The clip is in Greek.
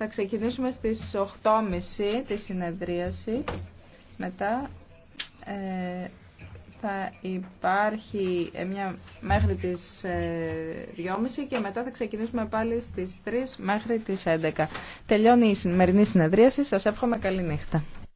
Θα ξεκινήσουμε στις 8.30 τη συνεδρίαση. Μετά ε, θα υπάρχει ε, μια μέχρι τις 2.30 ε, και μετά θα ξεκινήσουμε πάλι στις 3 μέχρι τις 11. Τελειώνει η σημερινή συνεδρίαση. Σας εύχομαι καλή νύχτα.